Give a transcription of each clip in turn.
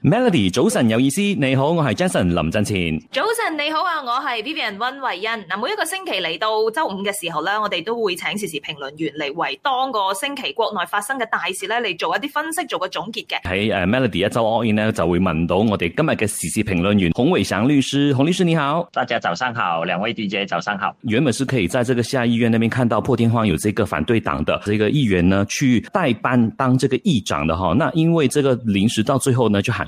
Melody，早晨有意思，你好，我係 Jason 林振前。早晨你好啊，我係 Vivian 溫慧恩。嗱，每一個星期嚟到周五嘅時候咧，我哋都會請時事評論員嚟為當個星期國內發生嘅大事咧嚟做一啲分析，做個總結嘅。喺、hey, 誒、uh, Melody 一周 all in 呢，就會問到我哋今日嘅時事評論員洪偉翔律師，洪律師你好，大家早上好，兩位 DJ 早上好。原本是可以在這個下議院那邊看到破天荒有這個反對黨的這個議員呢，去代班當這個議長的哈，那因為這個臨時到最後呢，就喊。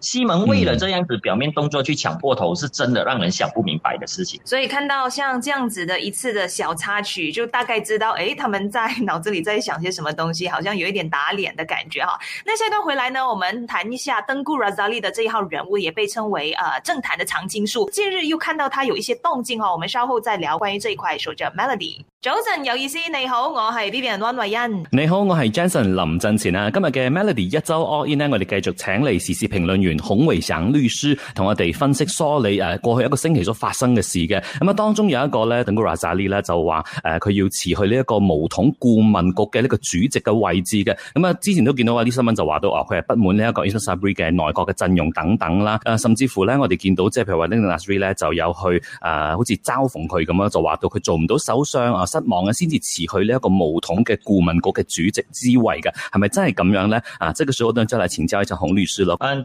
西門為了這樣子表面動作去搶破頭，是真的讓人想不明白的事情，嗯。所以看到像這樣子的一次的小插曲，就大概知道，哎，他們在腦子裏在想些什麼東西，好像有一點打臉的感覺哈。那下一段回來呢，我們談一下登古拉扎利的這一號人物，也被稱為啊、呃、政壇的常青樹。近日又看到他有一些動靜哈，我們稍後再聊關於這一塊。說叫 Melody，o 晨有意思，你好，我係 Vivian y 偉 n 你好，我係 Jason 林振前啊。今日嘅 Melody 一周 All In 呢，我哋繼續請嚟時事評論員。洪偉翔律師同我哋分析梳理誒，過去一個星期所發生嘅事嘅，咁啊當中有一個咧東姑拉沙里咧就話誒佢要辭去呢一個巫統顧問局嘅呢個主席嘅位置嘅，咁啊之前都見到有啲新聞就話到哦佢係不滿呢一個依斯邁沙比里嘅內閣嘅陣容等等啦，啊甚至乎咧我哋見到即係譬如話依斯邁沙比里咧就有去誒、呃、好似嘲諷佢咁樣就，就話到佢做唔到首相啊失望啊，先至辭去呢一個巫統嘅顧問局嘅主席之位嘅，係咪真係咁樣咧？啊，這個時候我哋再嚟請教一下洪律師咯。嗯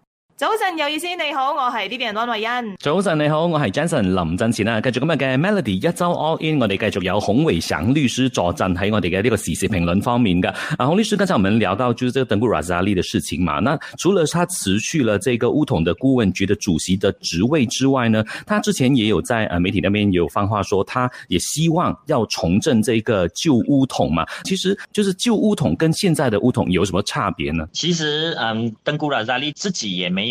早晨，有意思，你好，我係呢邊安慧欣。早晨，你好，我是 Jason 林振前啊。繼續今日嘅 Melody 一周 All In，我哋繼續由洪偉翔律師坐鎮喺我哋嘅呢個時事評論方面嘅。啊，洪律師，剛才我們聊到就是這個登古拉薩利的事情嘛。那除了他辭去了這個巫統的顧問局的主席的職位之外呢，他之前也有在媒體那邊有放話說，他也希望要重振這個舊巫統嘛。其實，就是舊巫統跟現在的巫統有什麼差別呢？其實，嗯，登古拉薩利自己也沒。